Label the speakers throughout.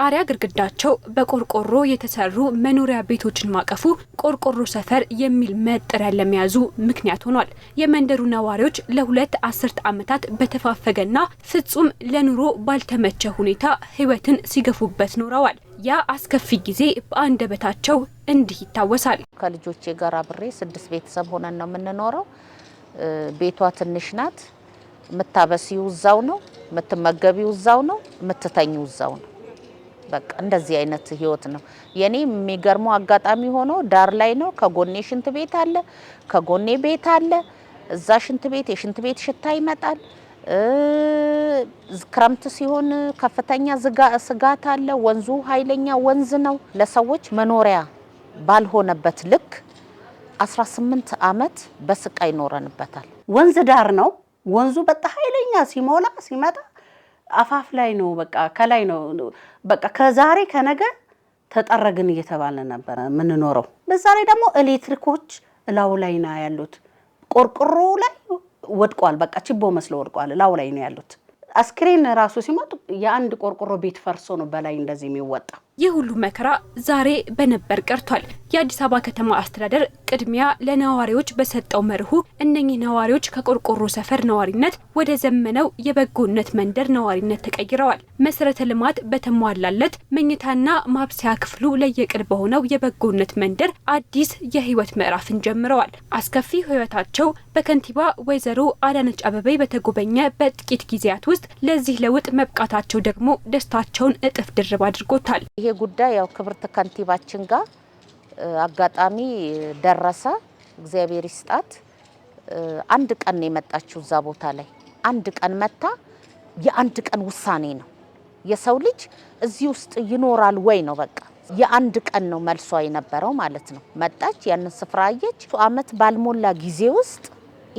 Speaker 1: ጣሪያ ግድግዳቸው በቆርቆሮ የተሰሩ መኖሪያ ቤቶችን ማቀፉ ቆርቆሮ ሰፈር የሚል መጠሪያ ለመያዙ ምክንያት ሆኗል። የመንደሩ ነዋሪዎች ለሁለት አስርት ዓመታት በተፋፈገና ፍጹም ለኑሮ ባልተመቸ ሁኔታ ሕይወትን ሲገፉበት ኖረዋል። ያ አስከፊ ጊዜ በአንደበታቸው እንዲህ ይታወሳል።
Speaker 2: ከልጆቼ ጋር አብሬ ስድስት ቤተሰብ ሆነን ነው የምንኖረው። ቤቷ ትንሽ ናት። የምታበሲው እዛው ነው፣ የምትመገቢው እዛው ነው፣ የምትተኙ እዛው ነው። በቃ እንደዚህ አይነት ህይወት ነው የኔ። የሚገርመው አጋጣሚ ሆኖ ዳር ላይ ነው። ከጎኔ ሽንት ቤት አለ፣ ከጎኔ ቤት አለ። እዛ ሽንት ቤት የሽንት ቤት ሽታ ይመጣል። ክረምት ሲሆን ከፍተኛ ስጋት አለ። ወንዙ ኃይለኛ ወንዝ ነው። ለሰዎች መኖሪያ ባልሆነበት ልክ 18 ዓመት በስቃይ ይኖረንበታል። ወንዝ ዳር ነው። ወንዙ በጣም ኃይለኛ ሲሞላ ሲመጣ አፋፍ ላይ ነው፣ በቃ ከላይ ነው፣ በቃ ከዛሬ ከነገ ተጠረግን እየተባለ ነበረ የምንኖረው። በዛ ላይ ደግሞ ኤሌክትሪኮች እላው ላይ ነው ያሉት፣ ቆርቆሮ ላይ ወድቋል፣ በቃ ችቦ መስሎ ወድቋል፣ እላው ላይ ነው ያሉት። አስክሬን ራሱ ሲመጡ የአንድ ቆርቆሮ ቤት ፈርሶ ነው በላይ እንደዚህ የሚወጣ
Speaker 1: ይህ ሁሉ መከራ ዛሬ በነበር ቀርቷል። የአዲስ አበባ ከተማ አስተዳደር ቅድሚያ ለነዋሪዎች በሰጠው መርሁ እነኚህ ነዋሪዎች ከቆርቆሮ ሰፈር ነዋሪነት ወደ ዘመነው የበጎነት መንደር ነዋሪነት ተቀይረዋል። መሰረተ ልማት በተሟላለት መኝታና ማብሰያ ክፍሉ ለየቅል በሆነው የበጎነት መንደር አዲስ የህይወት ምዕራፍን ጀምረዋል። አስከፊ ህይወታቸው በከንቲባ ወይዘሮ አዳነች አበቤ በተጎበኘ በጥቂት ጊዜያት ውስጥ ለዚህ ለውጥ መብቃታቸው ደግሞ ደስታቸውን እጥፍ ድርብ አድርጎታል።
Speaker 2: ይሄ ጉዳይ ያው ክብርት ከንቲባችን ጋር አጋጣሚ ደረሰ። እግዚአብሔር ይስጣት። አንድ ቀን ነው የመጣችው እዛ ቦታ ላይ አንድ ቀን መታ። የአንድ ቀን ውሳኔ ነው። የሰው ልጅ እዚህ ውስጥ ይኖራል ወይ ነው በቃ የአንድ ቀን ነው መልሷ የነበረው ማለት ነው። መጣች፣ ያንን ስፍራ አየች። አመት ባልሞላ ጊዜ ውስጥ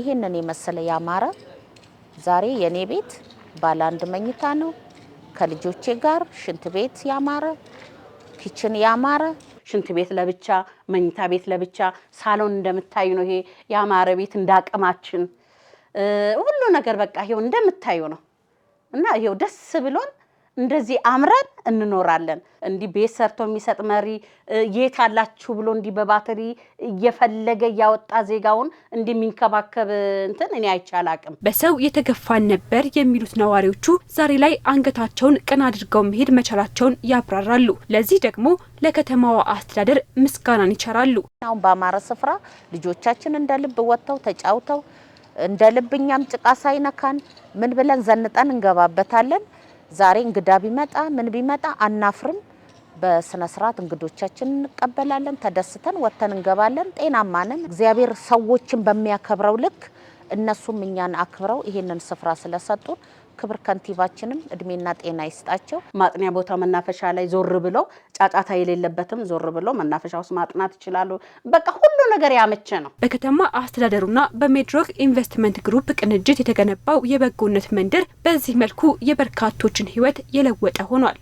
Speaker 2: ይሄንን የመሰለ ያማረ ዛሬ የኔ ቤት ባለ አንድ መኝታ ነው። ከልጆቼ ጋር ሽንት ቤት ያማረ ኪችን ያማረ ሽንት ቤት ለብቻ መኝታ ቤት ለብቻ ሳሎን እንደምታዩ ነው። ይሄ ያማረ ቤት እንዳቅማችን ሁሉ ነገር በቃ ይሄው እንደምታዩ ነው እና ይሄው ደስ ብሎን እንደዚህ አምረን እንኖራለን። እንዲህ ቤት ሰርቶ የሚሰጥ መሪ የት አላችሁ ብሎ እንዲህ በባትሪ እየፈለገ እያወጣ ዜጋውን እንዲህ የሚንከባከብ እንትን እኔ አይቻላቅም።
Speaker 1: በሰው የተገፋን ነበር የሚሉት ነዋሪዎቹ ዛሬ ላይ አንገታቸውን ቀን አድርገው መሄድ መቻላቸውን ያብራራሉ። ለዚህ ደግሞ ለከተማዋ አስተዳደር ምስጋናን ይቸራሉ።
Speaker 2: አሁን በአማረ ስፍራ ልጆቻችን እንደ ልብ ወጥተው ተጫውተው እንደ ልብ እኛም ጭቃ ሳይነካን ምን ብለን ዘንጠን እንገባበታለን። ዛሬ እንግዳ ቢመጣ ምን ቢመጣ አናፍርም። በስነ ስርዓት እንግዶቻችን እንቀበላለን። ተደስተን ወጥተን እንገባለን። ጤናማ ነን። እግዚአብሔር ሰዎችን በሚያከብረው ልክ እነሱም እኛን አክብረው ይሄንን ስፍራ ስለሰጡን ክብር ከንቲባችንም እድሜና ጤና ይስጣቸው። ማጥኒያ ቦታ መናፈሻ ላይ ዞር ብለው ጫጫታ የሌለበትም ዞር ብለው መናፈሻ ውስጥ ማጥናት ይችላሉ። በቃ ሁሉ ነገር ያመቸ ነው።
Speaker 1: በከተማ አስተዳደሩና በሜድሮክ ኢንቨስትመንት ግሩፕ ቅንጅት የተገነባው የበጎነት መንደር በዚህ መልኩ የበርካቶችን ህይወት የለወጠ ሆኗል።